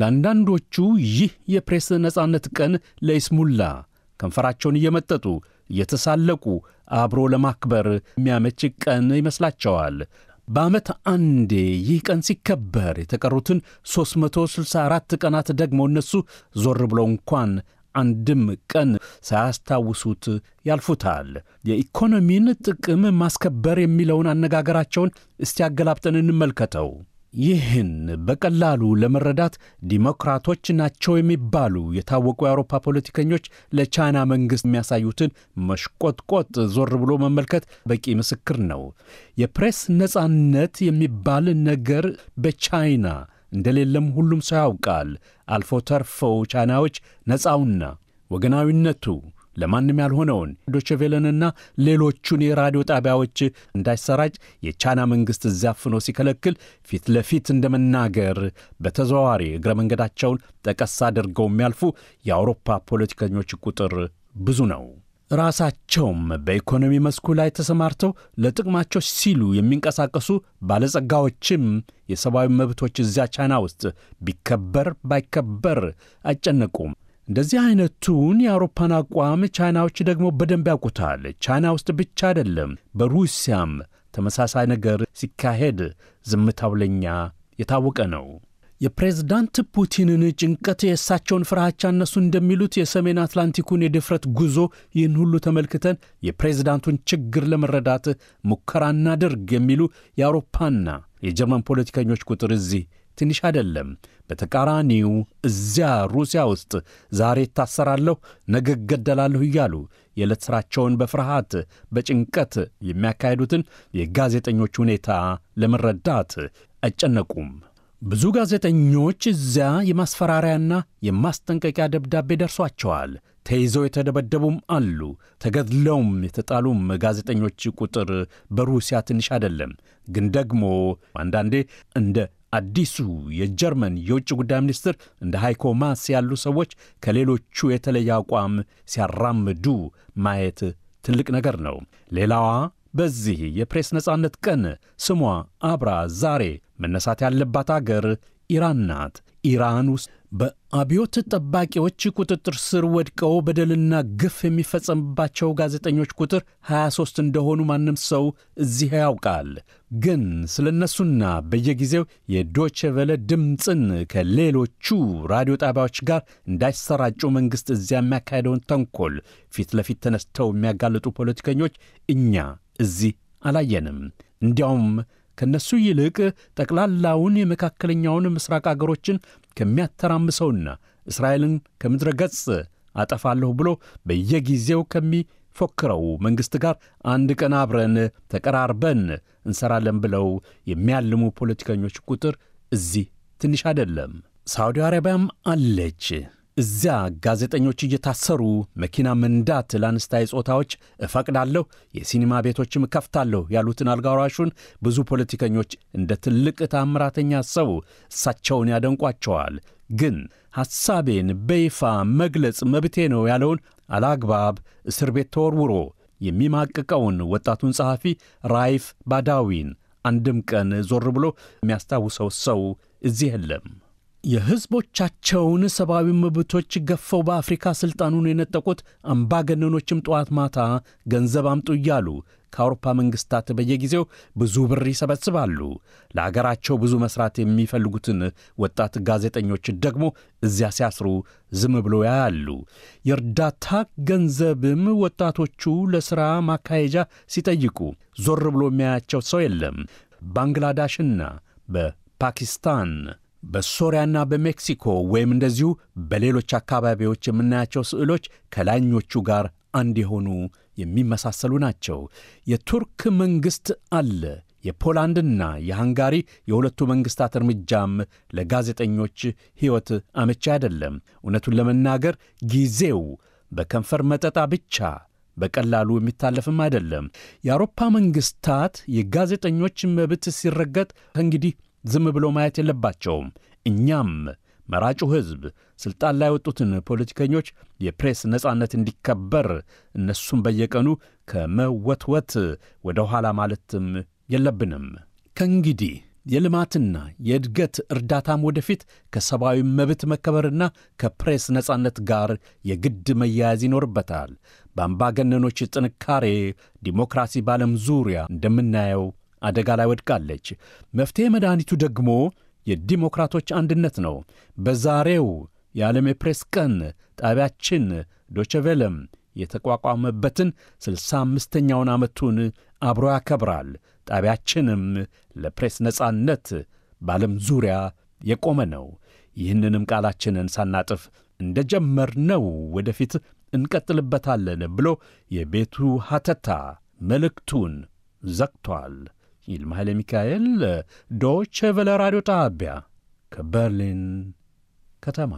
ለአንዳንዶቹ ይህ የፕሬስ ነፃነት ቀን ለይስሙላ ከንፈራቸውን እየመጠጡ እየተሳለቁ አብሮ ለማክበር የሚያመች ቀን ይመስላቸዋል። በዓመት አንዴ ይህ ቀን ሲከበር የተቀሩትን 364 ቀናት ደግሞ እነሱ ዞር ብለው እንኳን አንድም ቀን ሳያስታውሱት ያልፉታል። የኢኮኖሚን ጥቅም ማስከበር የሚለውን አነጋገራቸውን እስቲ አገላብጠን እንመልከተው። ይህን በቀላሉ ለመረዳት ዲሞክራቶች ናቸው የሚባሉ የታወቁ የአውሮፓ ፖለቲከኞች ለቻይና መንግሥት የሚያሳዩትን መሽቆጥቆጥ ዞር ብሎ መመልከት በቂ ምስክር ነው። የፕሬስ ነጻነት የሚባል ነገር በቻይና እንደሌለም ሁሉም ሰው ያውቃል። አልፎ ተርፈው ቻይናዎች ነፃውና ወገናዊነቱ ለማንም ያልሆነውን ዶቸቬለንና ሌሎቹን የራዲዮ ጣቢያዎች እንዳይሰራጭ የቻይና መንግሥት ዛፍኖ ሲከለክል ፊት ለፊት እንደ መናገር በተዘዋዋሪ እግረ መንገዳቸውን ጠቀስ አድርገው የሚያልፉ የአውሮፓ ፖለቲከኞች ቁጥር ብዙ ነው። ራሳቸውም በኢኮኖሚ መስኩ ላይ ተሰማርተው ለጥቅማቸው ሲሉ የሚንቀሳቀሱ ባለጸጋዎችም የሰብአዊ መብቶች እዚያ ቻይና ውስጥ ቢከበር ባይከበር አይጨነቁም። እንደዚህ አይነቱን የአውሮፓን አቋም ቻይናዎች ደግሞ በደንብ ያውቁታል። ቻይና ውስጥ ብቻ አይደለም፣ በሩሲያም ተመሳሳይ ነገር ሲካሄድ ዝምታው ለኛ የታወቀ ነው። የፕሬዝዳንት ፑቲንን ጭንቀት፣ የእሳቸውን ፍርሃቻ፣ እነሱ እንደሚሉት የሰሜን አትላንቲኩን የድፍረት ጉዞ፣ ይህን ሁሉ ተመልክተን የፕሬዝዳንቱን ችግር ለመረዳት ሙከራ እናድርግ የሚሉ የአውሮፓና የጀርመን ፖለቲከኞች ቁጥር እዚህ ትንሽ አይደለም። በተቃራኒው እዚያ ሩሲያ ውስጥ ዛሬ እታሰራለሁ፣ ነገ እገደላለሁ እያሉ የዕለት ሥራቸውን በፍርሃት በጭንቀት የሚያካሂዱትን የጋዜጠኞች ሁኔታ ለመረዳት አይጨነቁም። ብዙ ጋዜጠኞች እዚያ የማስፈራሪያና የማስጠንቀቂያ ደብዳቤ ደርሷቸዋል። ተይዘው የተደበደቡም አሉ። ተገድለውም የተጣሉም ጋዜጠኞች ቁጥር በሩሲያ ትንሽ አይደለም። ግን ደግሞ አንዳንዴ እንደ አዲሱ የጀርመን የውጭ ጉዳይ ሚኒስትር እንደ ሃይኮ ማስ ያሉ ሰዎች ከሌሎቹ የተለየ አቋም ሲያራምዱ ማየት ትልቅ ነገር ነው። ሌላዋ በዚህ የፕሬስ ነጻነት ቀን ስሟ አብራ ዛሬ መነሳት ያለባት አገር ኢራን ናት። ኢራን ውስጥ በአብዮት ጠባቂዎች ቁጥጥር ስር ወድቀው በደልና ግፍ የሚፈጸምባቸው ጋዜጠኞች ቁጥር 23 እንደሆኑ ማንም ሰው እዚህ ያውቃል። ግን ስለ እነሱና በየጊዜው የዶቼ ቬለ ድምፅን ከሌሎቹ ራዲዮ ጣቢያዎች ጋር እንዳይሰራጩ መንግሥት እዚያ የሚያካሄደውን ተንኮል ፊት ለፊት ተነስተው የሚያጋልጡ ፖለቲከኞች እኛ እዚህ አላየንም። እንዲያውም ከነሱ ይልቅ ጠቅላላውን የመካከለኛውን ምስራቅ አገሮችን ከሚያተራምሰውና እስራኤልን ከምድረ ገጽ አጠፋለሁ ብሎ በየጊዜው ከሚፎክረው መንግሥት ጋር አንድ ቀን አብረን ተቀራርበን እንሰራለን ብለው የሚያልሙ ፖለቲከኞች ቁጥር እዚህ ትንሽ አይደለም። ሳውዲ አረቢያም አለች። እዚያ ጋዜጠኞች እየታሰሩ መኪና መንዳት ለአንስታዊ ጾታዎች እፈቅዳለሁ፣ የሲኒማ ቤቶችም እከፍታለሁ ያሉትን አልጋራሹን ብዙ ፖለቲከኞች እንደ ትልቅ ታምራተኛ ሰው እሳቸውን ያደንቋቸዋል። ግን ሐሳቤን በይፋ መግለጽ መብቴ ነው ያለውን አላግባብ እስር ቤት ተወርውሮ የሚማቅቀውን ወጣቱን ጸሐፊ ራይፍ ባዳዊን አንድም ቀን ዞር ብሎ የሚያስታውሰው ሰው እዚህ የለም። የህዝቦቻቸውን ሰብአዊ መብቶች ገፈው በአፍሪካ ሥልጣኑን የነጠቁት አምባገነኖችም ጠዋት ማታ ገንዘብ አምጡ እያሉ ከአውሮፓ መንግሥታት በየጊዜው ብዙ ብር ይሰበስባሉ። ለአገራቸው ብዙ መሥራት የሚፈልጉትን ወጣት ጋዜጠኞች ደግሞ እዚያ ሲያስሩ ዝም ብሎ ያያሉ። የእርዳታ ገንዘብም ወጣቶቹ ለሥራ ማካሄጃ ሲጠይቁ ዞር ብሎ የሚያያቸው ሰው የለም። ባንግላዳሽና በፓኪስታን በሶሪያና በሜክሲኮ ወይም እንደዚሁ በሌሎች አካባቢዎች የምናያቸው ስዕሎች ከላኞቹ ጋር አንድ የሆኑ የሚመሳሰሉ ናቸው። የቱርክ መንግሥት አለ። የፖላንድና የሃንጋሪ የሁለቱ መንግሥታት እርምጃም ለጋዜጠኞች ሕይወት አመቺ አይደለም። እውነቱን ለመናገር ጊዜው በከንፈር መጠጣ ብቻ በቀላሉ የሚታለፍም አይደለም። የአውሮፓ መንግሥታት የጋዜጠኞች መብት ሲረገጥ ከእንግዲህ ዝም ብሎ ማየት የለባቸውም። እኛም መራጩ ሕዝብ ሥልጣን ላይ ወጡትን ፖለቲከኞች የፕሬስ ነጻነት እንዲከበር እነሱም በየቀኑ ከመወትወት ወደ ኋላ ማለትም የለብንም። ከእንግዲህ የልማትና የእድገት እርዳታም ወደፊት ከሰብአዊ መብት መከበርና ከፕሬስ ነጻነት ጋር የግድ መያያዝ ይኖርበታል። በአምባገነኖች ጥንካሬ ዲሞክራሲ በዓለም ዙሪያ እንደምናየው አደጋ ላይ ወድቃለች። መፍትሔ መድኃኒቱ ደግሞ የዲሞክራቶች አንድነት ነው። በዛሬው የዓለም የፕሬስ ቀን ጣቢያችን ዶቸቬለም የተቋቋመበትን ስልሳ አምስተኛውን ዓመቱን አብሮ ያከብራል። ጣቢያችንም ለፕሬስ ነጻነት በዓለም ዙሪያ የቆመ ነው። ይህንንም ቃላችንን ሳናጥፍ እንደ ነው ወደፊት እንቀጥልበታለን ብሎ የቤቱ ሐተታ መልእክቱን ዘግቷል። ይልማ ሚካኤል ዶቼ ቬለ ራዲዮ ጣቢያ ከበርሊን ከተማ